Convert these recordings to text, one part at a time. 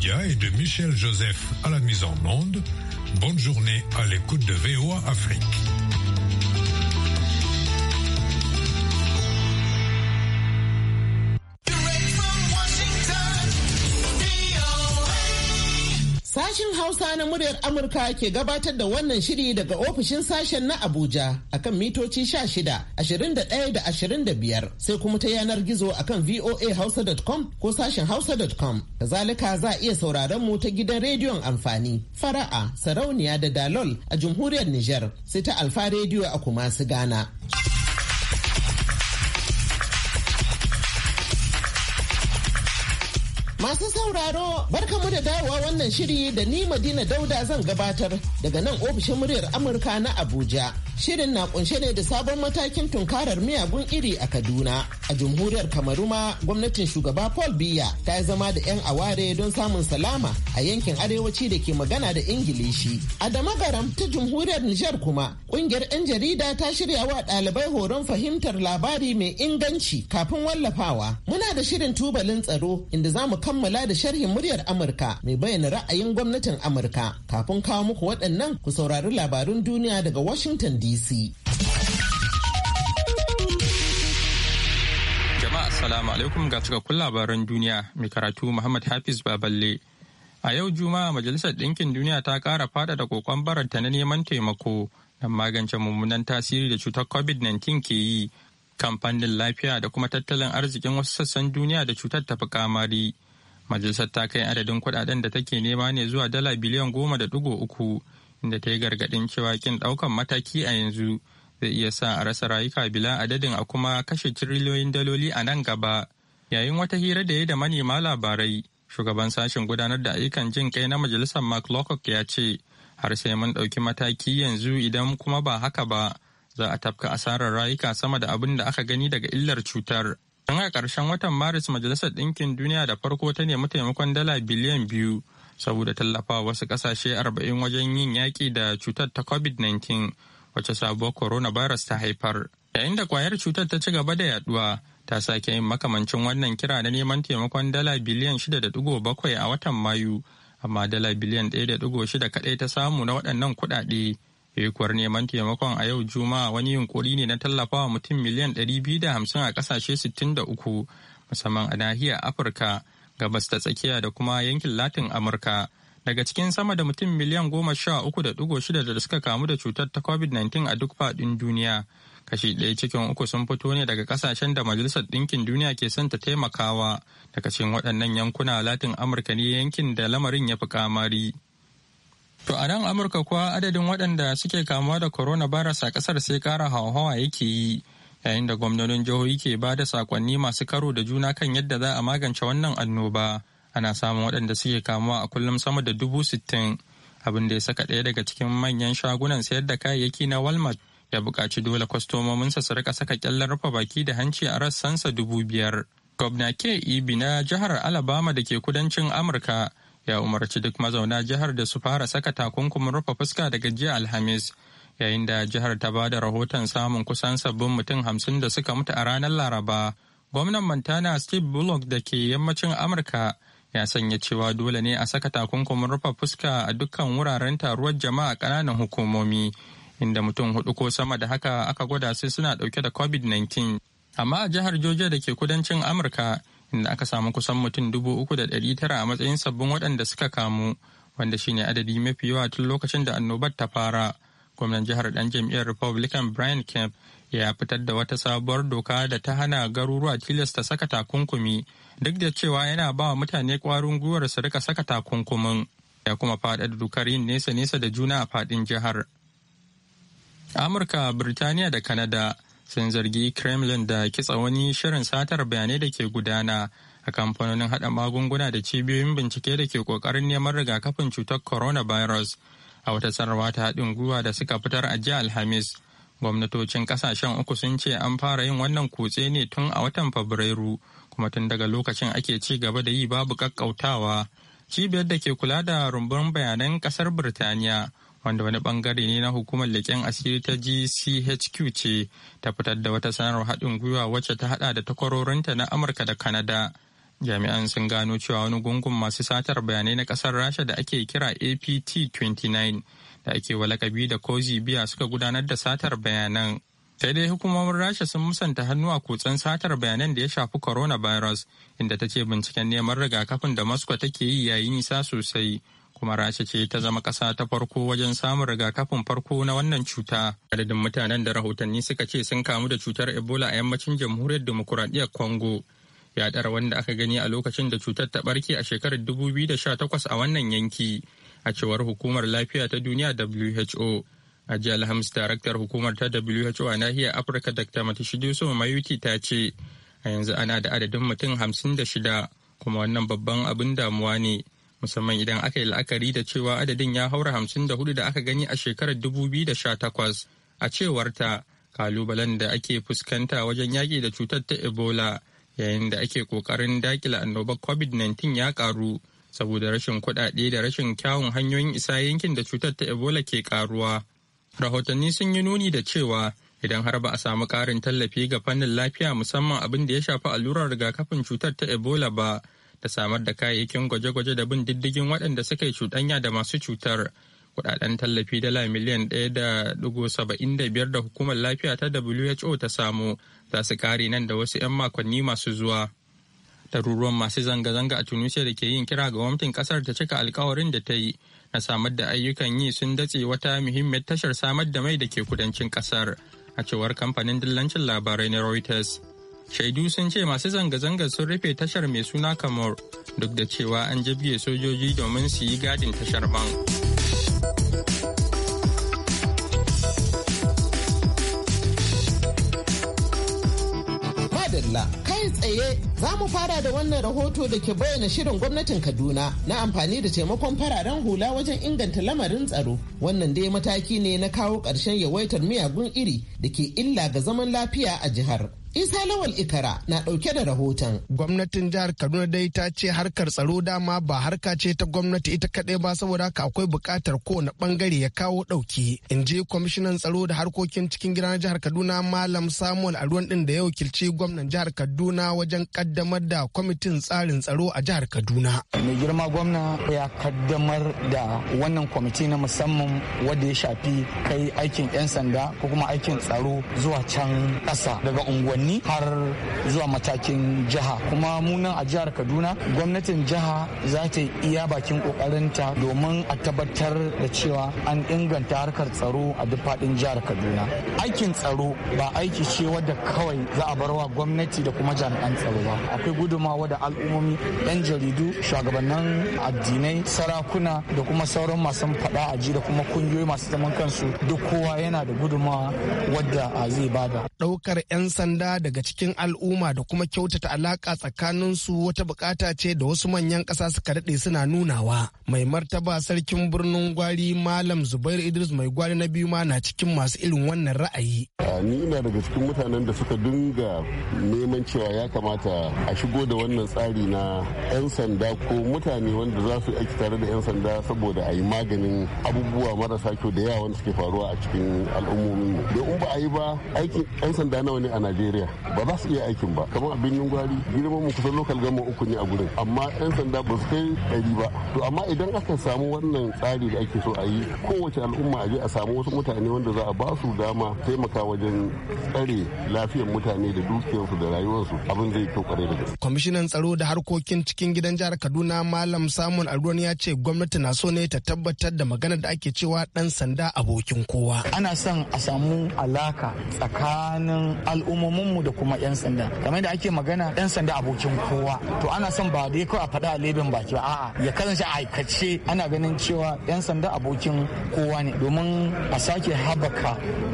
dia et de Michel Joseph à la mise en monde. Bonne journée à l'écoute de VOA Afrique. Sashin Hausa na muryar Amurka ke gabatar da wannan shiri daga ofishin sashen na Abuja akan mitoci shida ashirin da da da ashirin biyar sai kuma ta yanar gizo akan voahausa.com ko sashen hausa.com. Kazalika za a iya sauraron mu ta gidan rediyon amfani fara'a sarauniya da dalol a jamhuriyar Nijar sai ta alfa rediyo a kuma su gana. Masu sauraro barka mu da dawowa wannan shiri da ni Madina Dauda zan gabatar daga nan ofishin muryar Amurka na Abuja. Shirin na kunshe ne da sabon matakin tunkarar miyagun iri a Kaduna. A jamhuriyar Kamaru ma gwamnatin shugaba Paul Biya ta yi zama da 'yan aware don samun salama a yankin arewaci da ke magana da Ingilishi. A Damagaram ta jamhuriyar Nijar kuma kungiyar 'yan jarida ta shirya wa ɗalibai horon fahimtar labari mai inganci kafin wallafawa. Muna da shirin tubalin tsaro inda za mu kammala da sharhin muryar Amurka mai bayyana ra'ayin gwamnatin Amurka. Kafin kawo muku waɗannan ku saurari labarun duniya daga Washington DC. Jama'a Assalamu alaikum ga cikakkun labaran duniya mai karatu Muhammad Hafiz Baballe. A yau Juma'a Majalisar Ɗinkin Duniya ta ƙara faɗaɗa kokon baranta na neman taimako don magance mummunan tasiri da cutar COVID-19 ke yi. kamfanin lafiya da kuma tattalin arzikin wasu sassan duniya da cutar tafi kamari majalisar ta kai adadin kudaden da take nema ne zuwa dala biliyan goma da dugo uku inda ta yi gargadin cewa kin daukan mataki a yanzu zai iya sa a rasa rayuka bila adadin a kuma kashe tiriliyoyin daloli a nan gaba yayin wata hira da ya da manema labarai shugaban sashen gudanar da ayyukan jin kai na majalisar mark Lockock ya ce har sai mun ɗauki mataki yanzu idan kuma ba haka ba za a tafka asarar rayuka sama da abin da aka gani daga illar cutar Tun a ƙarshen watan Maris Majalisar Ɗinkin Duniya da farko ta nemi taimakon dala biliyan biyu saboda tallafa wasu ƙasashe arba'in wajen yin yaƙi da cutar ta COVID-19 wacce sabuwar coronavirus ta haifar. Yayin da kwayar cutar ta ci gaba da yaduwa ta sake yin makamancin wannan kira na neman taimakon dala biliyan shida da bakwai a watan Mayu, amma dala biliyan ɗaya da shida kaɗai ta samu na waɗannan kuɗaɗe. Ekuwar neman taimakon a yau Juma'a wani yunkuri ne na tallafawa mutum miliyan 250 a kasashe 63 musamman a nahiyar Afirka, gabas ta tsakiya da kuma yankin Latin Amurka. Daga cikin sama da mutum miliyan goma sha 13.6 da shida da suka kamu da cutar ta COVID-19 a duk faɗin duniya. Kashi ɗaya cikin uku sun fito ne daga kasashen da Majalisar Ɗinkin Duniya ke son ta taimakawa. Daga cikin waɗannan yankuna Latin Amurka ne yankin da lamarin ya fi kamari. To a nan Amurka kuwa adadin waɗanda suke kamuwa da coronavirus a ƙasar sai kara hauhawa yake yi yayin da gwamnonin jihohi ke ba da sakonni masu karo da juna kan yadda za a magance wannan annoba ana samun waɗanda suke kamuwa a kullum sama da dubu sittin abin da ya saka ɗaya daga cikin manyan shagunan sayar da kayayyaki na walmart ya buƙaci dole kwastomominsa su rika saka ƙyallar rufe baki da hanci a rassansa dubu biyar. Gwamna K. Ibi e na jihar Alabama da ke kudancin Amurka ya umarci duk mazauna jihar da su fara saka takunkumin rufe fuska daga jiya alhamis yayin da jihar ta ba da rahoton samun kusan sabbin mutum hamsin da suka mutu a ranar laraba gwamnan montana steve bullock da ke yammacin amurka ya sanya cewa dole ne a saka takunkumin rufe fuska a dukkan wuraren taruwar jama'a kananan hukumomi inda mutum hudu ko sama da haka aka gwada su suna dauke da covid-19 amma a jihar georgia da ke kudancin amurka inda aka samu kusan mutum dubu uku da ɗari tara a matsayin sabbin waɗanda suka kamu wanda shine adadi mafi yawa tun lokacin da annobar ta fara gwamnan jihar dan jam'iyyar republican brian kemp ya fitar da wata sabuwar doka da ta hana garuruwa tilasta saka takunkumi duk da cewa yana ba wa mutane kwarin gwiwar su rika saka takunkumin ya kuma faɗaɗa dokar yin nesa-nesa da juna a faɗin jihar amurka birtaniya da kanada sun zargi kremlin da kitsa wani shirin satar bayanai da ke gudana a kamfanonin hada magunguna da cibiyoyin bincike da ke kokarin neman rigakafin cutar coronavirus a wata sanarwa ta haɗin gwiwa da suka fitar a jiya alhamis gwamnatocin kasashen uku sun ce an fara yin wannan kutse ne tun a watan fabrairu kuma tun daga lokacin ake ci gaba da yi babu kakkautawa cibiyar da ke kula da rumbun bayanan kasar birtaniya wanda wani bangare ne na hukumar leƙen asiri ta gchq ce ta fitar da wata sanarwar haɗin gwiwa wacce ta haɗa da takwarorinta na amurka da kanada jami'an sun gano cewa wani gungun masu satar bayanai na ƙasar rasha da ake kira apt 29 da ake walakabi da cozy biya suka gudanar da satar bayanan sai dai hukumomin rasha sun musanta hannu a kutsen satar bayanan da ya shafi coronavirus inda ta ce binciken neman rigakafin da moscow take yi yayin nisa sosai kuma rasha ce ta zama ƙasa ta farko wajen samun rigakafin farko na wannan cuta adadin mutanen da rahotanni suka ce sun kamu da cutar ebola a yammacin jamhuriyar demokuraɗiyyar congo yaɗar wanda aka gani a lokacin da cutar ta ɓarke a shekarar dubu biyu da 2018 a wannan yanki a cewar hukumar lafiya ta duniya who a jiya alhamis daraktar hukumar ta who a nahiyar afirka dr matashidiso mayuti ta ce a yanzu ana da adadin mutum hamsin da shida kuma wannan babban abin damuwa ne musamman idan aka yi la'akari da cewa adadin ya haura hamsin da hudu da aka gani a shekarar dubu biyu da sha takwas a cewar ta kalubalen da ake fuskanta wajen yaƙi da cutar ta ebola yayin da ake ƙoƙarin daƙila annobar covid-19 ya ƙaru saboda rashin kuɗaɗe da rashin kyawun hanyoyin isa yankin da cutar ta ebola ke ƙaruwa rahotanni sun yi nuni da cewa idan har ba a samu ƙarin tallafi ga fannin lafiya musamman abin da ya shafi allurar rigakafin cutar ta ebola ba da samar da kayayyakin gwaje-gwaje da bin diddigin waɗanda suka yi cuɗanya da masu cutar kudaden tallafi dala miliyan ɗaya da dugu saba'in da biyar da hukumar lafiya ta who ta samu za su kare nan da wasu 'yan makonni masu zuwa taruruwan masu zanga-zanga a tunisia da ke yin kira ga gwamnatin ƙasar ta cika alkawarin da ta yi na samar da ayyukan yi sun datse wata muhimmiyar tashar samar da mai da ke kudancin ƙasar a cewar kamfanin dillancin labarai na reuters Shaidu sun ce masu zanga-zangar sun rufe tashar mai suna kamar duk da cewa an jibge sojoji domin su yi gadin tashar man. Madalla kai tsaye za mu fara da wannan rahoto da ke bayyana shirin gwamnatin Kaduna na amfani da taimakon fararen hula wajen inganta lamarin tsaro. Wannan dai mataki ne na kawo ƙarshen yawaitar miyagun iri da ke illa ga zaman lafiya a jihar. Isa Lawal Ikara na ɗauke da rahoton. Gwamnatin jihar Kaduna dai ta ce harkar tsaro dama ba harka ce ta gwamnati ita kaɗai ba saboda haka akwai buƙatar kowane bangare ya kawo ɗauki. In je kwamishinan tsaro da harkokin cikin gida na jihar Kaduna Malam Samuel Aruwan ɗin da ya wakilci gwamnan jihar Kaduna wajen kaddamar da kwamitin tsarin tsaro a jihar Kaduna. Mai girma gwamna ya kaddamar da wannan kwamiti na musamman wanda ya shafi kai aikin 'yan sanda ko kuma aikin tsaro zuwa can ƙasa daga unguwanni. unguwanni har zuwa matakin jiha kuma munan a jihar kaduna gwamnatin jiha za ta iya bakin kokarinta domin a tabbatar da cewa an inganta harkar tsaro a duk faɗin jihar kaduna aikin tsaro ba aiki ce wadda kawai za a barwa gwamnati da kuma jami'an tsaro ba akwai gudumawa da al'ummomi 'yan jaridu shugabannin addinai sarakuna da kuma sauran masu faɗa a ji da kuma kungiyoyi masu zaman kansu duk kowa yana da gudumawa wadda a zai bada ɗaukar 'yan sanda ɗaya daga cikin al'umma da kuma kyautata alaƙa su wata bukata ce da wasu manyan ƙasa suka daɗe suna nunawa. Mai martaba sarkin birnin gwari Malam Zubair Idris mai gwari na biyu ma na cikin masu irin wannan ra'ayi. Ni ina daga cikin mutanen da suka dinga neman cewa ya kamata a shigo da wannan tsari na 'yan sanda ko mutane wanda za su aiki tare da 'yan sanda saboda a yi maganin abubuwa marasa kyau da yawa wanda suke faruwa a cikin al'ummomin mu. Don ba a yi ba aikin 'yan sanda nawa ne a Najeriya. lafiya ba za su iya aikin ba kamar abin gwari girman mu kusan lokal gama uku ne a gurin amma yan sanda ba su kai ɗari ba to amma idan aka samu wannan tsari da ake so a yi kowace al'umma a je a samu wasu mutane wanda za a ba su dama taimaka wajen tsare lafiyar mutane da dukiyarsu da rayuwarsu abin zai kyau kwarai da gaske. kwamishinan tsaro da harkokin cikin gidan jihar kaduna malam samun aruwan ya ce gwamnati na so ne ta tabbatar da magana da ake cewa dan sanda abokin kowa. ana son a samu alaka tsakanin al'ummomin mu da kuma 'yan sanda kamar da ake magana 'yan sanda abokin kowa to ana son ba dai kawai a faɗa a leben baki ba a'a ya kasance a aikace ana ganin cewa 'yan sanda abokin kowa ne domin a sake habaka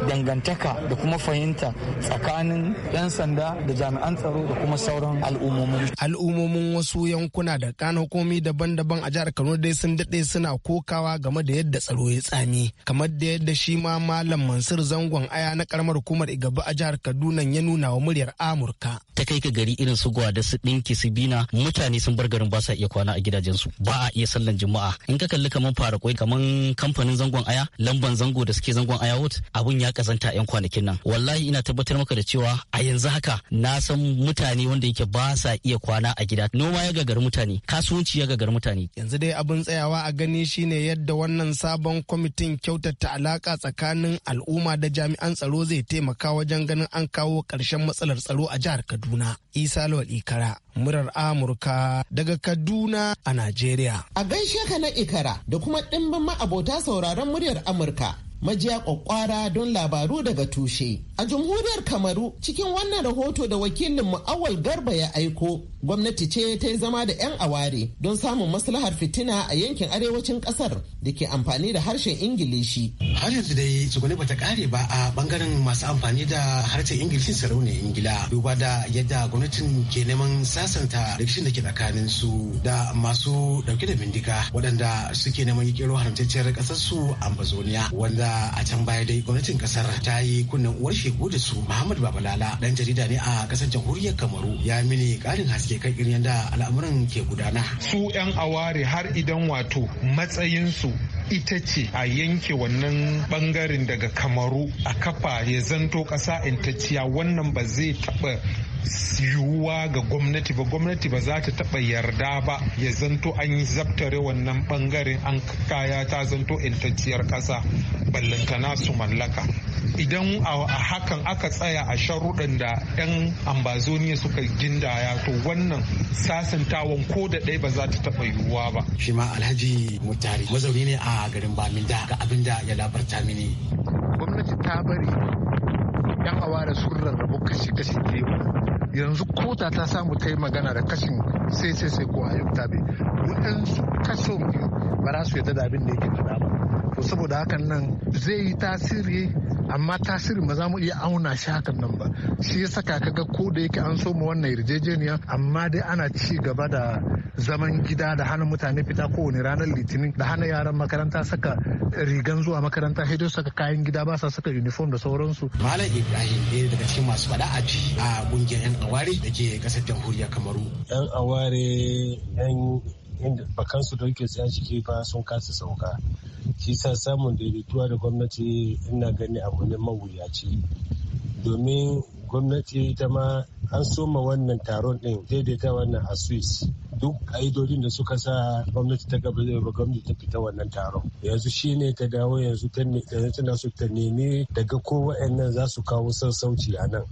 dangantaka da kuma fahimta tsakanin 'yan sanda da jami'an tsaro da kuma sauran al'ummomin al'ummomin wasu yankuna da kan hukumi daban-daban a jihar Kano dai sun dade suna kokawa game da yadda tsaro ya tsami kamar da yadda shi ma malam Mansur Zangon Aya na karamar hukumar Igaba a jihar Kaduna ya nuna bayyana wa muryar Amurka. Ta kai ka gari irin su gwada su ɗinki su bina mutane sun bar garin ba sa iya kwana a gidajensu ba a iya sallan juma'a in ka kalli kaman fara kwai kaman kamfanin zangon aya lamban zango da suke zangon aya wut abun ya kazanta yan kwanakin nan wallahi ina tabbatar maka da cewa a yanzu haka na san mutane wanda yake ba sa iya kwana a gida noma ya gagar mutane kasuwanci ya gagar mutane yanzu dai abin tsayawa a gani shine yadda wannan sabon kwamitin kyautata alaka tsakanin al'umma da jami'an tsaro zai taimaka wajen ganin an kawo ƙarshen ƙarshen matsalar tsaro a jihar Kaduna. Isa Lawal Ikara, murar Amurka daga Kaduna a Najeriya. A gaishe ka na Ikara da kuma ɗimbin ma'abota sauraron muryar Amurka. majiya kwakwara don labaru daga tushe. A jamhuriyar Kamaru cikin wannan rahoto da wakilin mu'awal Garba ya aiko gwamnati ce ta yi zama da 'yan aware don samun maslahar fitina a yankin arewacin kasar da ke amfani da harshen ingilishi har yanzu dai tsugune bata kare ba a bangaren masu amfani da harshen Ingilishi sarauni ingila duba da yadda gwamnatin ke neman sasanta rikicin da ke tsakanin su da masu dauke da bindiga waɗanda suke neman yi kero haramtacciyar kasar su ambazonia wanda a can baya dai gwamnatin kasar ta yi kunnen uwar shegu da su Muhammadu babalala dan jarida ne a kasar jamhuriyar kamaru ya mini ƙarin haske ke kan yadda al'amuran ke gudana su 'yan aware har idan wato matsayinsu ita ce a yanke wannan bangaren daga kamaru a kafa ya zanto ƙasa intacciya wannan ba zai taɓa yiwuwa ga gwamnati ba gwamnati ba za ta taba yarda ba ya zanto an yi zaftare wannan bangaren an kaya ta zanto intacciyar kasa ballantana su mallaka idan a hakan aka tsaya a sharuɗin da 'yan ambazoniya suka gindaya to wannan sasantawan ko da ɗaya ba za ta taɓa yiwuwa ba. shi ma alhaji mutari mazauni ne a garin baminda ga abin da ya labarta mini gwamnati ta bari yan awara sun rarrabu kashi-kashi biyu yanzu kota ta samu ta yi magana da kashin sai sai sai ko a bai tabe waɗansu kaso ba za su yadda da abin da yake faɗa ba to saboda hakan nan zai yi tasiri amma tasiri ba za mu iya auna shi hakan nan ba shi ya saka kaga ko da yake an so mu wannan yarjejeniya amma dai ana ci gaba da zaman gida da hana mutane fita kowane ranar litinin da hana yaran makaranta saka rigan zuwa makaranta sai saka kayan gida ba sa saka uniform da sauransu malam ibrahim ɗaya daga cikin masu faɗa a ji a ƙungiyar yan aware da ke ƙasar jamhuriyar kamaru yan aware yan bakansu da ke tsaya ciki ba sun kasa sauka shi sa samun daidaituwa da gwamnati ina gani abu ne mawuyaci domin gwamnati ita ma an soma wannan taron din daidaita wannan a swiss duk ka'idodin da suka sa gwamnati ta gaba zai gwamnati ta fita wannan taron yanzu shine ta dawo yanzu tana su ta nemi daga ko wa'annan za su kawo sassauci a nan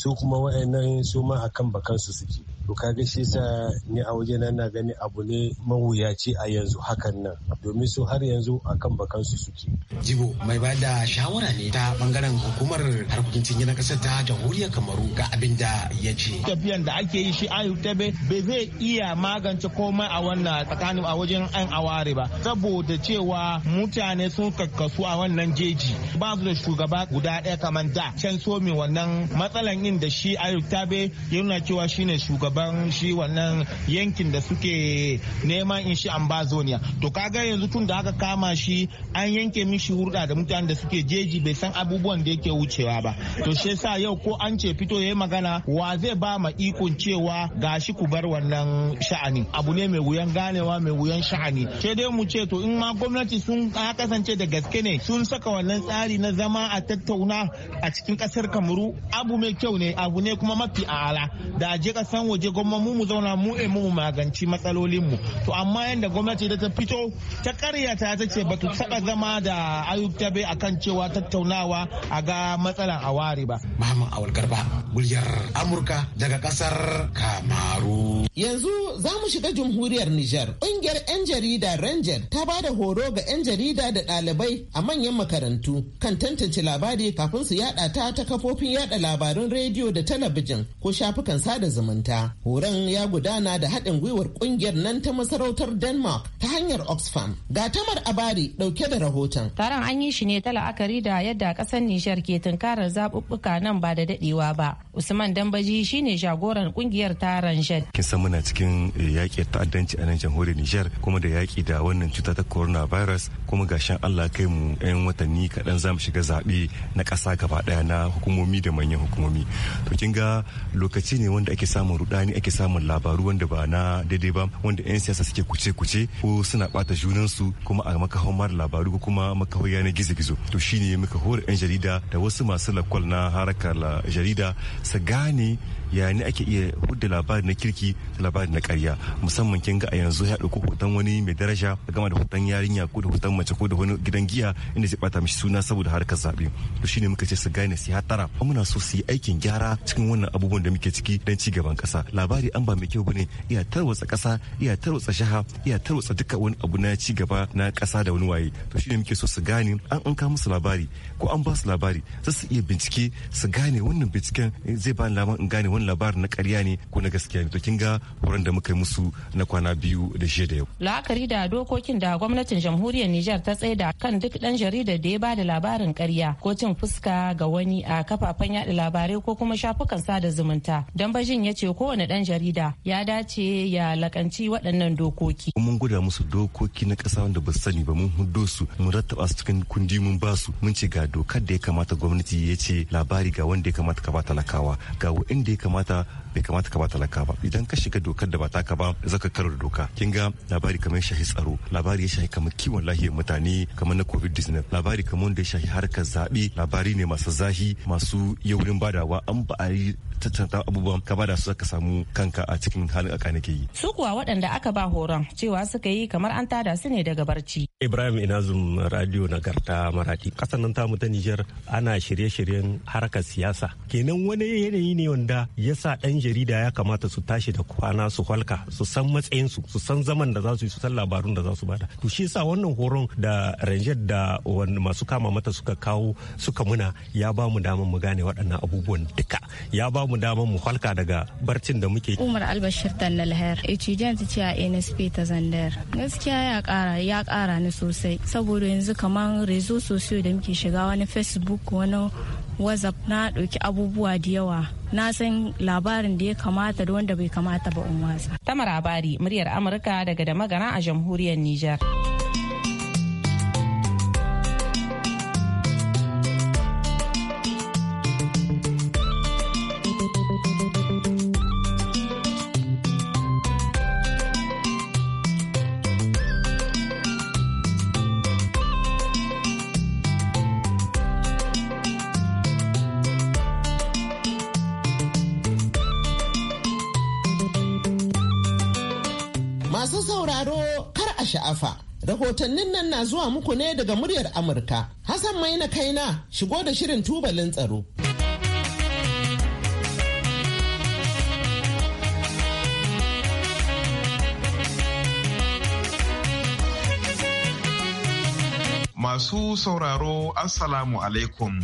su kuma wa'annan su ma kan bakansu suke to kaga shi sa ni a nan na gani abu ne mawuyaci a yanzu hakan nan domin su har yanzu a akan bakansu suke jibo mai ba da shawara ne ta bangaren hukumar harkokin cinye na kasar ta jamhuriyar kamaru ga abin da ya ce tafiyan da ake yi shi ayu tabe be zai iya magance komai a wannan tsakanin a wajen an aware ba saboda cewa mutane sun kakkasu a wannan jeji ba su da shugaba guda ɗaya kamar da can so wannan matsalan yin da shi ayu tabe yana cewa shine shugaba shugaban shi wannan yankin da suke neman in shi ambazonia to ga yanzu tun da aka kama shi an yanke mishi hurda da mutanen da suke jeji bai san abubuwan da yake wucewa ba to shi yasa yau ko an ce fito yayi magana wa zai ba ma ikon cewa ga shi ku bar wannan sha'ani abu ne mai wuyan ganewa mai wuyan sha'ani ke dai mu ce to in ma gwamnati sun kasance da gaske ne sun saka wannan tsari na zama a tattauna a cikin kasar kamaru abu mai kyau ne abu ne kuma mafi ala da je kasan waje je gwamma mu mu zauna mu eh, mu maganci matsalolin mu to amma yadda gwamnati da ta fito ta karyata ta ce ba saba taba zama da ayub bai akan cewa tattaunawa a ga matsalan a ware ba Muhammad Awal Garba muryar Amurka daga kasar Kamaru yanzu za mu shiga jamhuriyar Nijar ƙungiyar yan jarida Ranger ta ba da horo ga yan jarida da ɗalibai a manyan makarantu kan tantance labari kafin su yada ta ta kafofin yada labarun rediyo da talabijin ko shafukan sada zumunta Horon ya gudana da haɗin gwiwar ƙungiyar nan ta masarautar Denmark ta hanyar Oxfam. Ga tamar abari ɗauke da rahoton. Taron an yi shi ne ta la'akari da yadda ƙasar Nijar ke tunkarar zaɓuɓɓuka nan ba da daɗewa ba. Usman Dambaji shine jagoran ƙungiyar taron Jet. Kin san muna cikin eh, yaƙi ta'addanci a nan jamhuriyar Nijar kuma da yaƙi da wannan cuta ta coronavirus kuma ga shan Allah kai mu 'yan watanni kaɗan za mu shiga zaɓe na ƙasa gaba ɗaya na hukumomi da manyan hukumomi. To kin ga lokaci ne wanda ake samun ruɗa bisani ake samun labaru wanda ba na daidai ba wanda 'yan siyasa suke kuce-kuce ko suna bata junansu kuma a makahon mara labaru ko kuma makahon yanar gizo-gizo to shine muka hore 'yan jarida da wasu masu lakwal na harakar jarida su gane ya ne ake iya hudda labarin na kirki da labari na karya musamman kin ga a yanzu ya dauko hoton wani mai daraja a gama da hoton yarinya ko da hoton mace ko da wani gidan giya inda zai bata mishi suna saboda harkar zabe to shine muka ce su gane su hatara muna so su yi aikin gyara cikin wannan abubuwan da muke ciki don ci gaban kasa labari an ba mai kyau bane iya tarwatsa kasa iya tarwatsa shaha iya tarwatsa duka wani abu na ci gaba na kasa da wani waye to shine muke so su gane an an ka musu labari ko an ba su labari za su iya bincike su gane wannan binciken zai ba ni in gane wani labarin na ƙarya ne ko na gaskiya ne to kin ga horon da muka yi musu na kwana biyu da shi da yau la'akari da dokokin da gwamnatin jamhuriyar Nijar ta da kan duk dan jaridar da ya ba da labarin ƙarya ko cin fuska ga wani a kafafen yaɗa labarai ko kuma shafukan sada zumunta don bajin ya ce kowane dan jarida ya dace ya lakanci waɗannan dokoki mun guda musu dokoki na ƙasa wanda ba sani ba mun hudo su mun rattaba su cikin kundi mun ba su mun ce ga dokar da ya kamata gwamnati ya ce labari ga wanda ya kamata ka ba talakawa ga wanda ya kamata kamata bai kamata ka ba talaka ba idan ka shiga dokar da ba taka ba zaka karo da doka kin ga labari kamar shahi tsaro labari ya shahi kamar kiwon lahiyar mutane kamar na covid-19 labari kamar wanda ya shahi harkar zaɓe labari ne masu zahi masu yaurin badawa an ba a yi tattanta abubuwan ka ba da su zaka samu kanka a cikin halin aka ke yi. Su kuwa waɗanda aka ba horon cewa suka yi kamar an tada su ne daga barci. Ibrahim Inazum Radio Nagarta Maradi. Ƙasar nan tamu ta Nijar ana shirye-shiryen harkar siyasa. Kenan wani yanayi ne wanda yasa sa ɗan jarida ya kamata su tashi da kwana su halka su san matsayinsu su san zaman da za su yi su san labarun da za su bada to shi yasa wannan horon da ranger da masu kama mata suka kawo suka muna ya ba mu damar mu gane waɗannan abubuwan duka ya ba mu damar mu halka daga barcin da muke umar albashir tannal hayar etudiant ce a nsp ta zandar gaskiya ya kara ya kara ni sosai saboda yanzu kamar rezo sosai da muke shiga wani facebook wani whatsapp na ɗauki abubuwa da yawa na san labarin da ya kamata da wanda bai kamata ba in watsa. Tamar Abari, muryar Amurka daga da magana a jamhuriyar Nijar. na zuwa muku ne daga muryar Amurka. Hassan Maina na, shigo da shirin tubalin tsaro. Masu sauraro Assalamu alaikum.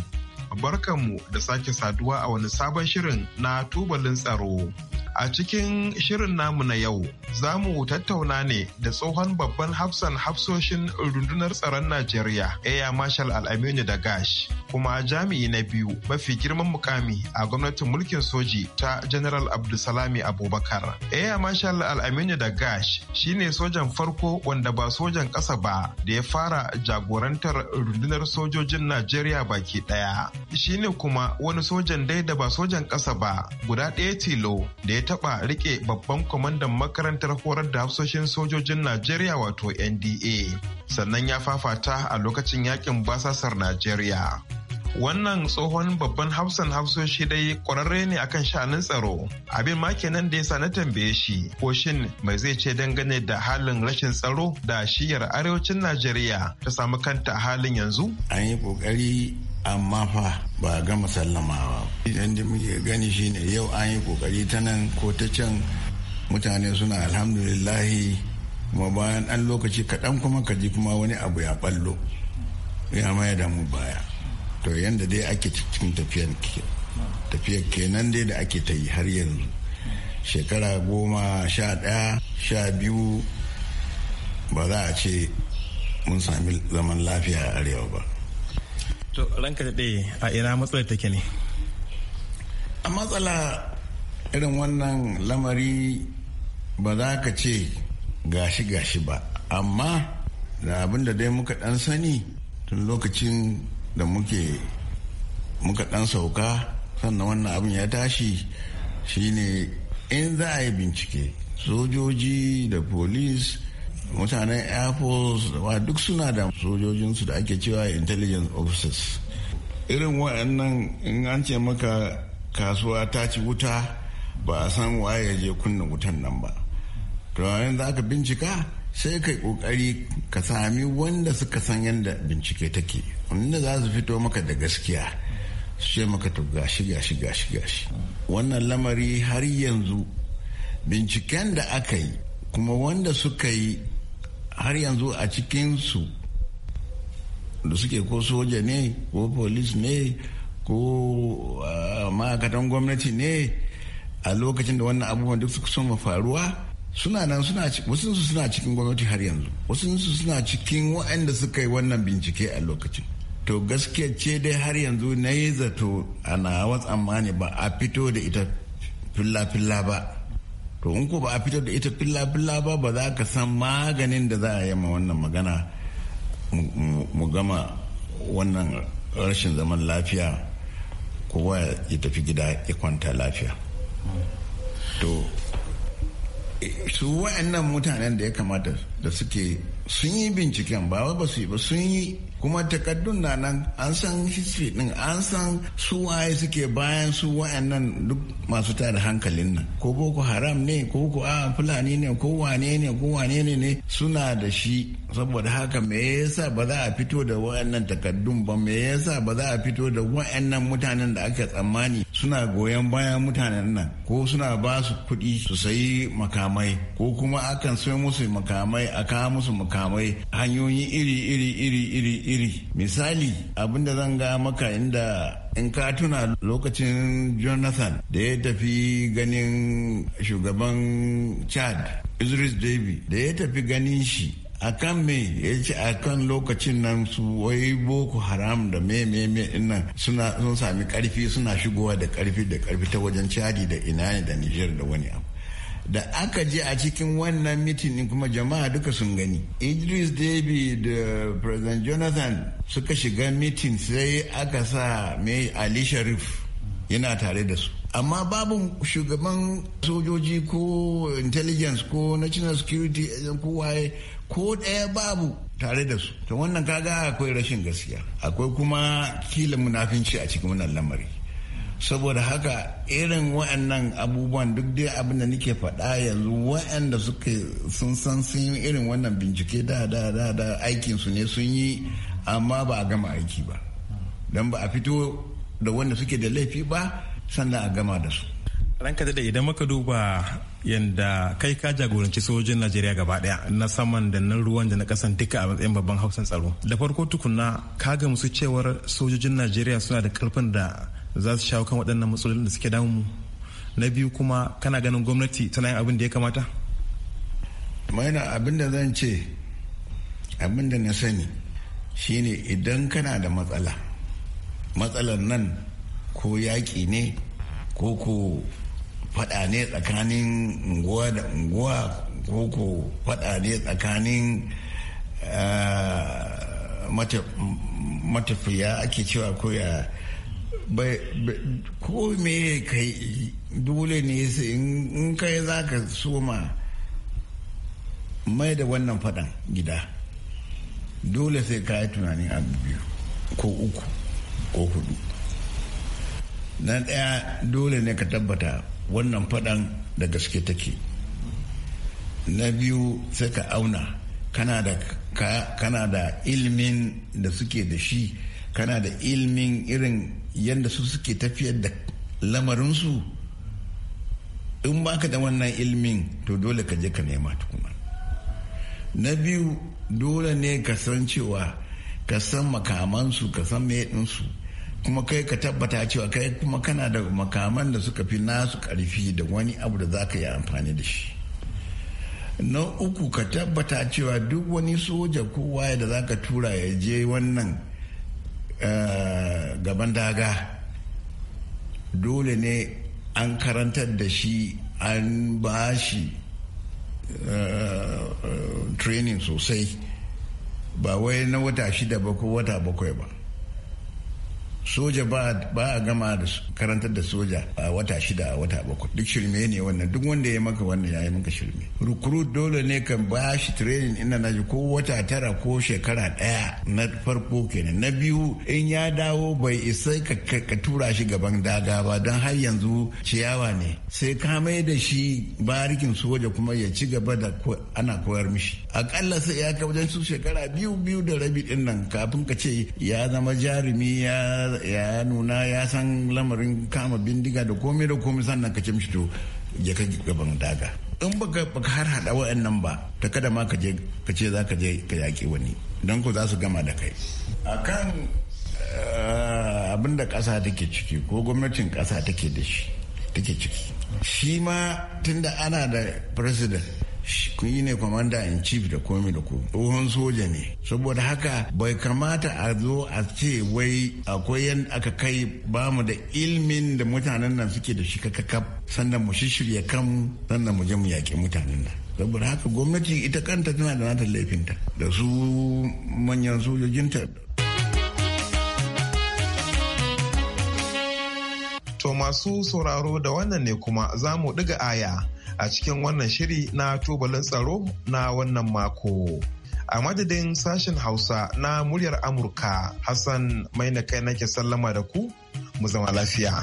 Barkanmu da sake saduwa a wani sabon shirin na tubalin tsaro. A cikin shirin namu na yau, za mu tattauna ne da tsohon babban hafsan hafsoshin rundunar tsaron Najeriya, Air Marshal Al-Aminu da Gash, kuma jami'i na biyu mafi girman mukami a gwamnatin mulkin soji ta General Abdulsalami Abubakar. Air Marshal Al-Aminu da Gash shi ne sojan farko wanda ba sojan ƙasa ba da ya fara jagorantar rundunar sojojin Najeriya baki ɗaya. ne kuma wani sojan dai da ba sojan ƙasa ba guda ɗaya tilo da ya taɓa rike babban kwamandan makarantar horar da hafsoshin sojojin Najeriya wato NDA, sannan ya fafata a lokacin yakin basasar Najeriya. Wannan tsohon babban hafsan hafsoshi dai ƙwararre ne akan sha'anin tsaro, abin ma kenan da ya sa na tambaye shi, ko shin mai zai ce dangane da halin rashin tsaro da shiyar arewacin Najeriya ta samu kanta a halin yanzu? An yi kokari amma fa ba gama sallamawa idan da muke gani shine yau an yi kokari ta nan ko ta can mutane suna alhamdulillahi kuma bayan ɗan lokaci kaɗan kuma ka ji kuma wani abu ya ɓallo ya maye da mu baya to yadda dai ake cikin tafiyar tafiyar kenan dai da ake ta yi har yanzu shekara goma sha ɗaya sha biyu ba za a ce mun sami zaman lafiya a arewa ba to ranka daɗe a ina matsalar take ne a matsala irin wannan lamari ba za ka ce gashi-gashi ba amma da abin da dai muka ɗan sani tun lokacin da muke muka ɗan sauka sannan wannan abin ya tashi shine in za a yi bincike sojoji da police mutanen air force wa duk suna da sojojinsu da ake cewa intelligence officers irin waannan in an ce maka kasuwa ta ci wuta ba a san waye ya je kunna wutan nan ba to za ka bincika sai kai kokari ka sami wanda suka san yadda bincike take wanda za su fito maka da gaskiya su ce maka to gashi gashi gashi gashi wannan lamari har yanzu binciken da aka yi kuma wanda suka yi har yanzu a cikinsu da suke ko soja ne ko polis ne ko ah, ma'aikatan gwamnati ne a lokacin da wannan abubuwan duk suka soma faruwa suna nan suna wasu suna cikin gwamnati har yanzu wasu suna cikin waɗanda suka yi wannan bincike a lokacin to gaskiya ce dai har yanzu na yi zato ana tsammani ba a fito da ita filla-filla ba to in ko ba a fitar da ita filla filla ba ba za ka san maganin da za a yi ma wannan magana mu gama wannan rashin zaman lafiya kowa ya tafi gida ya kwanta lafiya to su wa'annan mutanen da ya kamata da suke sun yi binciken ba ba su yi ba sun yi kuma takaddun na nan an san history din an san su waye suke bayan su wayannan duk masu tada hankalin nan ko boko haram ne ko ko a fulani ne ko wane ne ko wane ne ne suna da shi saboda haka me yasa ba za a fito da wayannan takaddun ba me yasa ba za a fito da wayannan mutanen da ake tsammani suna goyon bayan mutanen nan ko suna ba su kuɗi su sayi makamai ko kuma akan sai musu makamai a kawo musu makamai hanyoyi iri iri iri iri iri misali abin da zan ga maka inda in ka tuna lokacin jonathan da ya tafi ganin shugaban chad idris davy da ya tafi ganin shi akan me ya ce akan lokacin nan su wai boko haram da mai mai nan sun sami karfi suna shigowa da karfi da karfi ta wajen chadi da inani da niger da wani abu da aka je a cikin wannan mitin kuma jama'a duka sun gani idris debi da president jonathan suka shiga mitin sai aka sa mai ali sharif yana tare da su amma babu shugaban sojoji ko intelligence ko national security ko waye ko ɗaya babu tare da su to wannan kaga akwai rashin gaskiya akwai kuma kila munafinci a cikin wannan lamari saboda haka irin wa'annan abubuwan duk dai abin da nake faɗa yanzu wa'anda suka sun san sun yi irin wannan bincike da da da da aikin su ne sun yi amma ba a gama aiki ba don ba a fito da wanda suke da laifi ba sannan a gama da su ranka da idan muka duba yadda kai ka jagoranci sojojin najeriya gaba daya na saman da na ruwan da na kasan duka a matsayin babban hausan tsaro da farko tukuna ka gamsu cewar sojojin najeriya suna da karfin da za su shawo kan waɗannan matsalolin da suke damu na biyu kuma kana ganin gwamnati tana yin abin da ya kamata maina abin da zan ce abin da na sani shine idan kana da matsala matsalar nan ko yaƙi ne ko ko faɗa ne tsakanin unguwa da unguwa ko ko faɗa ne tsakanin eh, matafiya ake cewa ko ya ko me kai dole ne in kai za ka soma mai da wannan fadan gida dole sai ka yi tunanin abu biyu ko uku ko hudu na ɗaya dole ne ka tabbata wannan fadan da gaske take na biyu sai ka auna kana da ilimin da suke da shi kana da ilimin irin yadda su suke tafiyar da lamarinsu in baka da wannan ilimin to dole ka je ka nema tukuna na biyu dole ne ka san cewa ka san makamansu ka san su kuma kai ka tabbata cewa kai kuma kana da makaman da suka fi nasu karfi da wani abu da za ka yi amfani da shi na uku ka tabbata cewa duk wani soja kowa da za ka tura ya je wannan Eh, gaban daga dole ne an karantar da shi an ba shi eh, eh, training sosai ba wai na wata shida ba ko wata bakwai ba soja ba a gama da karantar da soja a wata shida a wata bakwai duk shirme ne wannan duk wanda ya maka wannan ya maka shirme recruit dole ne kan ba shi training ina na ji ko wata tara ko shekara daya na farko kenan na biyu in ya dawo bai isa ka tura shi gaban daga ba don har yanzu ciyawa ne sai ka mai da shi barikin soja kuma ya ci gaba da ana koyar mishi akalla sai ya ka wajen su shekara biyu biyu da rabi din kafin ka ce ya zama jarumi ya ya nuna ya san lamarin kama bindiga da komai da komai sannan ka ce mishi to ya ka gaban daga in baka baka har hada nan ba ta kada ma ka je ka ce za ka je ka yaki wani don ko za su gama da kai akan eh, abin da ƙasa take ciki ko gwamnatin ƙasa take da shi take ciki shi ma tunda ana da president shi ne kwamanda in chief da komi da komi tsohon soja ne saboda haka bai kamata a zo a ce wai akwai yadda aka kai ba mu da ilmin da mutanen nan suke da shi kakakaf sannan mu shirya kanmu sannan mu je mu yaƙi mutanen nan saboda haka gwamnati ita kanta tana da nata laifinta da su manyan sojojinta To masu sauraro da wannan ne kuma za mu ɗiga aya a cikin wannan shiri na tubalin tsaro na wannan mako. A madadin sashen Hausa na muryar Amurka, Hassan mai na kai nake sallama da ku, mu zama lafiya.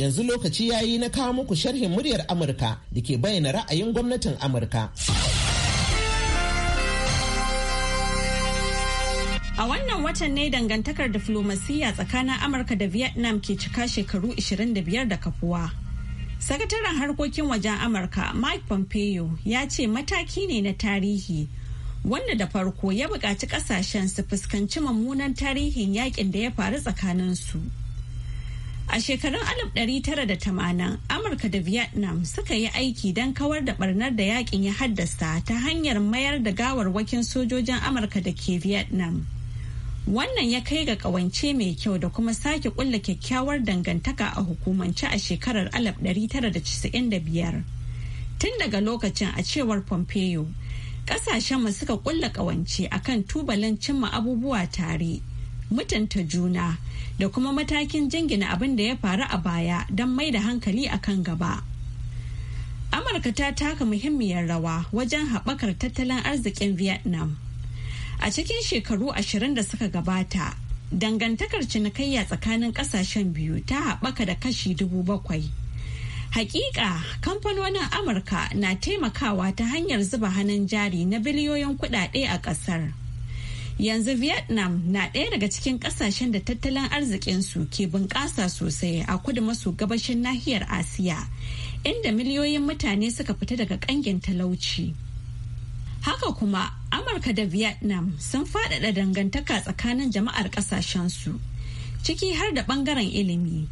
Yanzu lokaci yayi na kawo muku sharhin muryar Amurka da ke bayyana ra'ayin gwamnatin Amurka. A wannan watan ne dangantakar diflomasiyya tsakanin Amurka da Vietnam ke cika shekaru 25 da kafuwa. Sakataren harkokin wajen Amurka Mike Pompeo ya ce mataki ne na tarihi wanda da farko ya buƙaci ƙasashen su fuskanci mummunan tarihin yakin da ya faru tsakanin su. A shekarun 1980 Amurka da Vietnam suka yi aiki don kawar da barnar da yakin ya haddasa ta hanyar mayar da gawarwakin sojojin Amurka da ke Vietnam. Wannan ya kai ga ƙawance mai kyau da kuma sake ƙulla kyakkyawar dangantaka a hukumance a shekarar 1995. Tun daga lokacin a cewar Pompeo, ƙasashenmu suka ƙulla ƙawance akan tubalin cimma abubuwa tare, mutunta juna, da kuma matakin jingina abin da ya faru a baya don mai da hankali a kan gaba. Amurka ta taka muhimmiyar rawa wajen haɓakar tattalin arzikin Vietnam. A cikin shekaru ashirin da suka gabata, dangantakar cinikayya tsakanin kasashen biyu ta haɓaka da kashi dubu bakwai. Hakika kamfanonin Amurka na taimakawa ta hanyar zuba hannun jari na biliyoyin kuɗaɗe a ƙasar. Yanzu Vietnam na ɗaya daga cikin ƙasashen da tattalin arzikinsu ke bunƙasa sosai a kudu maso gabashin nahiyar Asiya, inda miliyoyin mutane suka fita daga ƙangin talauci. Haka kuma Amurka da Vietnam sun faɗaɗa dangantaka tsakanin jama'ar ƙasashensu, ciki har da ɓangaren ilimi.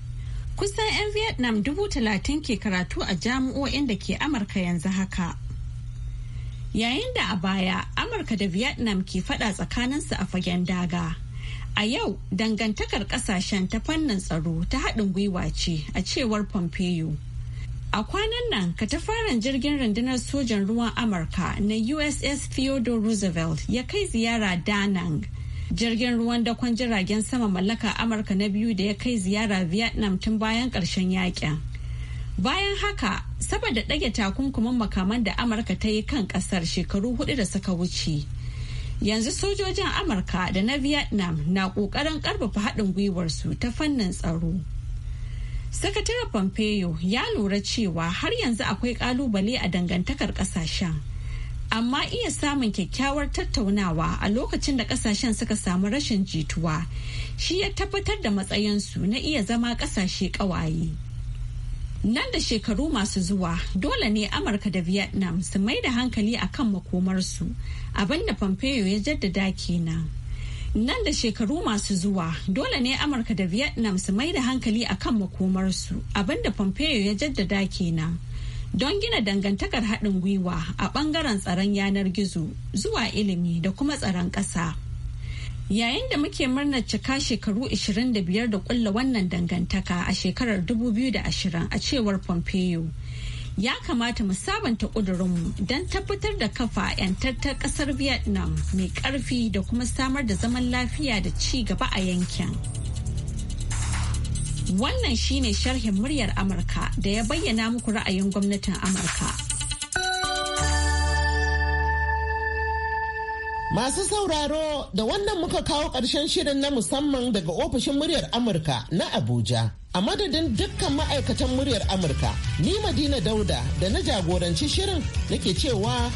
Kusan 'yan Vietnam dubu talatin ke karatu a jami'o'in da ke Amurka yanzu haka. Yayin da a baya Amurka da Vietnam ke faɗa tsakaninsu a fagen daga. A yau dangantakar ƙasashen ta fannin tsaro ta haɗin gwiwa ce a cewar Pompeo. A kwanan nan, fara jirgin rundunar sojan ruwan Amurka na USS Theodore Roosevelt ya kai ziyara Danang. Jirgin ruwan dakon jiragen sama mallaka Amurka na biyu da ya kai ziyara Vietnam tun bayan ƙarshen yakin. Bayan haka, saboda ɗage takunkumin makaman da Amurka ta yi kan ƙasar shekaru hudu da suka wuce. Yanzu sojojin Amurka da na Vietnam na ƙoƙarin ƙarfafa haɗin gwiwarsu ta fannin tsaro. Sakataren Pompeo ya lura cewa har yanzu akwai kalubale a dangantakar kasashen. Amma iya samun kyakkyawar tattaunawa a lokacin da kasashen suka samu rashin jituwa shi ya tabbatar da matsayinsu na iya zama kasashe kawaye. Nan da shekaru masu zuwa dole ne Amurka da Vietnam su mai da hankali a kan makomarsu abinda Pompeo ya jaddada kenan. Nan da shekaru masu zuwa dole ne Amurka da Vietnam su mai da hankali a kan makomarsu abinda Pompeo ya jaddada kenan. Don gina dangantakar haɗin gwiwa a ɓangaren tsaron yanar gizo zuwa ilimi da kuma tsaron ƙasa. Yayin da muke murnar cika shekaru 25 da ƙulla wannan dangantaka a shekarar 2020 a cewar Pompeo. ya kamata mu sabanta ƙudurinmu don tabbatar da kafa 'yantattar ƙasar vietnam mai ƙarfi da kuma samar da zaman lafiya da ci gaba a yankin wannan shine sharhin muryar amurka da ya bayyana muku ra'ayin gwamnatin amurka Masu sauraro da wannan muka kawo ƙarshen shirin na musamman daga ofishin muryar Amurka na Abuja. A madadin dukkan ma'aikatan muryar Amurka, ni Madina Dauda da na jagoranci shirin nake cewa